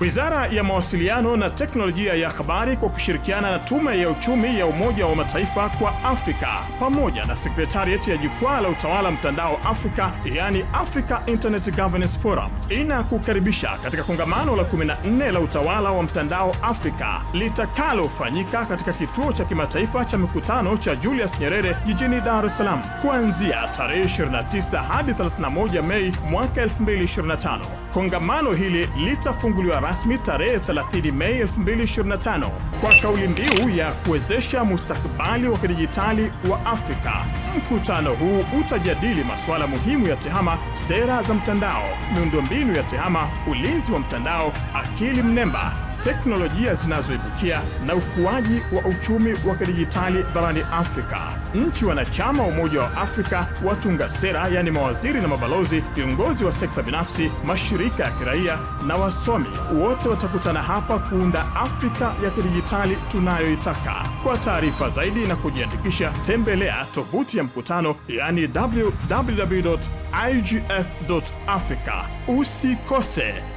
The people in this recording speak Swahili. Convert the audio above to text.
Wizara ya Mawasiliano na Teknolojia ya Habari kwa kushirikiana na Tume ya Uchumi ya Umoja wa Mataifa kwa Afrika pamoja na Sekretarieti ya Jukwaa la Utawala Mtandao Afrika, yaani Africa Internet Governance Forum, inakukaribisha katika kongamano la 14 la utawala wa mtandao Afrika litakalofanyika katika kituo cha kimataifa cha mikutano cha Julius Nyerere jijini Dar es Salaam kuanzia tarehe 29 hadi 31 Mei mwaka 2025. Kongamano hili litafunguliwa rasmi tarehe 30 Mei 2025 kwa kauli mbiu ya kuwezesha mustakabali wa kidijitali wa Afrika. Mkutano huu utajadili masuala muhimu ya tehama, sera za mtandao, miundombinu ya tehama, ulinzi wa mtandao, akili mnemba teknolojia zinazoibukia na ukuaji wa uchumi wa kidijitali barani Afrika. Nchi wanachama wa Umoja wa Afrika watunga sera, yaani mawaziri na mabalozi, viongozi wa sekta binafsi, mashirika ya kiraia na wasomi, wote watakutana hapa kuunda Afrika ya kidijitali tunayoitaka. Kwa taarifa zaidi na kujiandikisha, tembelea tovuti ya mkutano, yaani www.igf.africa. Usikose.